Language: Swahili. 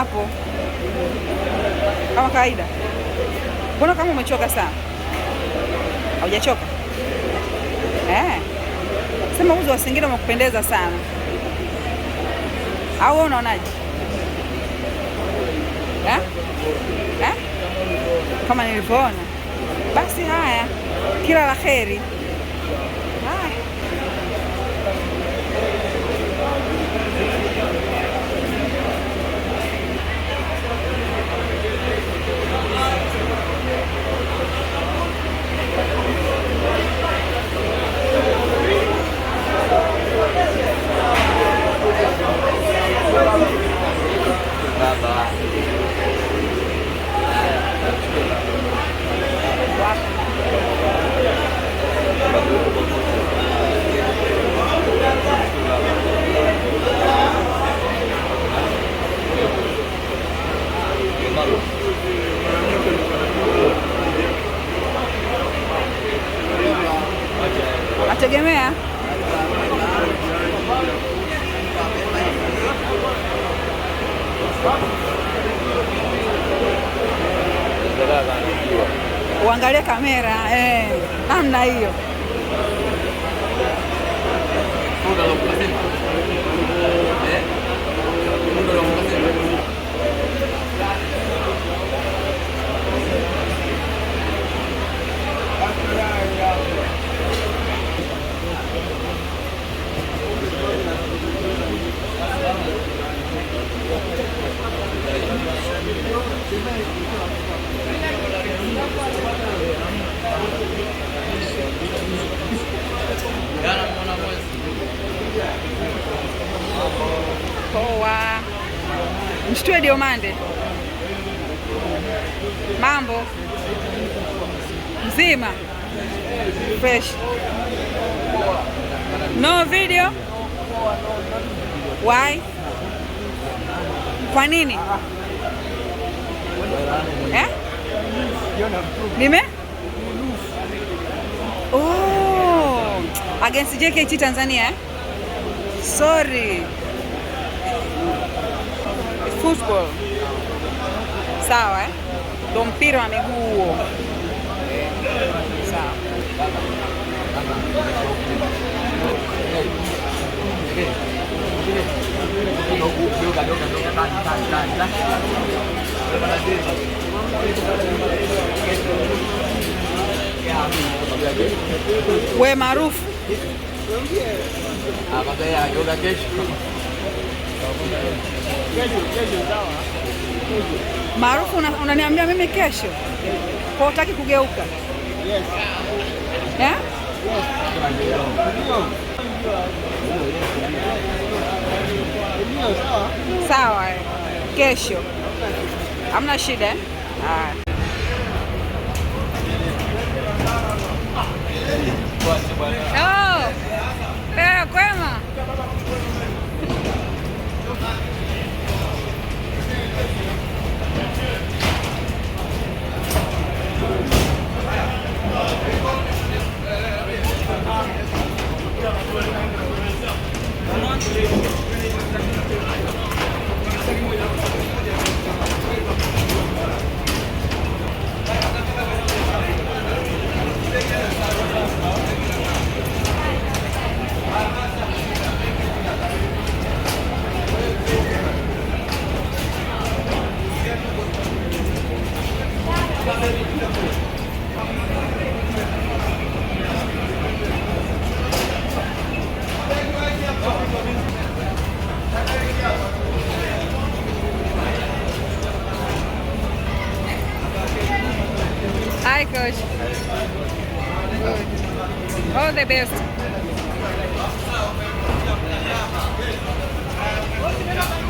hapo kama kawaida. Mbona kama umechoka sana? Haujachoka eh? Sema uzo wa Singida umekupendeza sana, au wewe unaonaje eh? Eh? Kama nilivyoona basi, haya, kila la heri. Nategemea uangalie kamera eh, namna hiyo. Mshtue Diomande, mambo mzima, fresh, no video. Why? Kwa nini eh? nime oh, against JKT Tanzania eh? Sorry football, sawa, eh? ndo mpira wa miguu huo, sawa. We maarufu maarufu unaniambia mimi kesho kwa utaki kugeuka eh? Sawa, eh. kesho hamna shida eh? Ah. Oh. Eh, Oh, the best. the best.